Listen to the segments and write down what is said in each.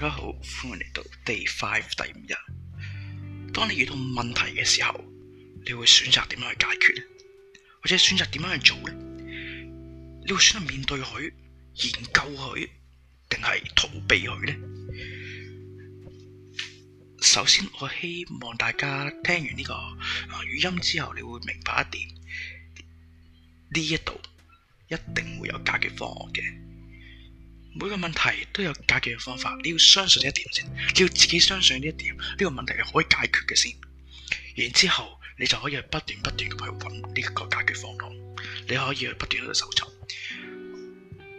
大家好，歡迎嚟到 Day Five 第五日。當你遇到問題嘅時候，你會選擇點樣去解決呢？或者選擇點樣去做呢？你會選擇面對佢、研究佢，定係逃避佢呢？首先，我希望大家聽完呢個語音之後，你會明白一點：呢一度一定會有解決方案嘅。每個問題都有解決嘅方法，你要相信一點先，要自己相信呢一點，呢、呢個問題係可以解決嘅先。然之後你就可以去不斷不斷咁去揾呢個解決方案，你可以去不斷去搜尋。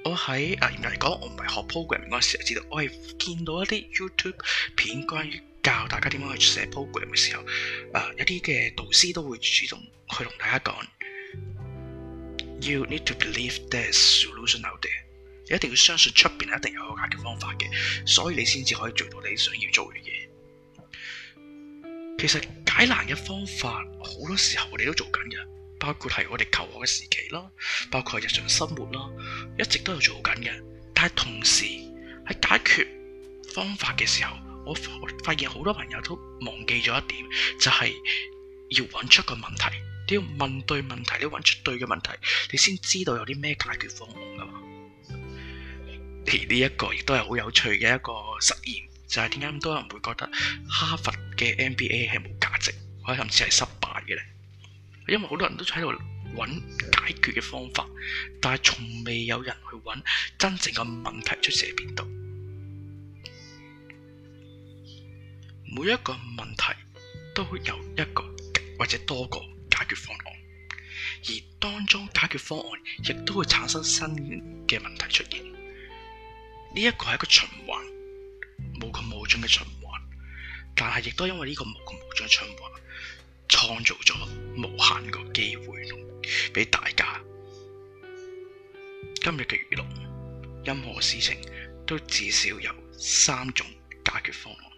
我喺原來嚟講，啊、我唔係學 programming 時候，知道我係見到一啲 YouTube 片，關於教大家點樣去寫 program 嘅時候，誒、啊，一啲嘅導師都會主動去同大家講，You need to believe there is solution out there. 你一定要相信出邊一定有個解決方法嘅，所以你先至可以做到你想要做嘅嘢。其實解難嘅方法好多時候你都做緊嘅，包括係我哋求學嘅時期啦，包括係日常生活啦，一直都有做緊嘅。但係同時喺解決方法嘅時候，我我發現好多朋友都忘記咗一點，就係要揾出個問題，你要問對問題，你揾出對嘅問題，你先知道有啲咩解決方案㗎嘛。呢一個亦都係好有趣嘅一個實驗，就係點解咁多人會覺得哈佛嘅 MBA 係冇價值，或者甚至係失敗嘅呢？因為好多人都喺度揾解決嘅方法，但係從未有人去揾真正嘅問題出喺邊度。每一個問題都會有一個或者多個解決方案，而當中解決方案亦都會產生新嘅問題出現。呢、這、一個係一個循環，無窮無盡嘅循環，但係亦都因為呢個無窮無盡嘅循環，創造咗無限個機會，俾大家。今日嘅娛樂，任何事情都至少有三種解決方案。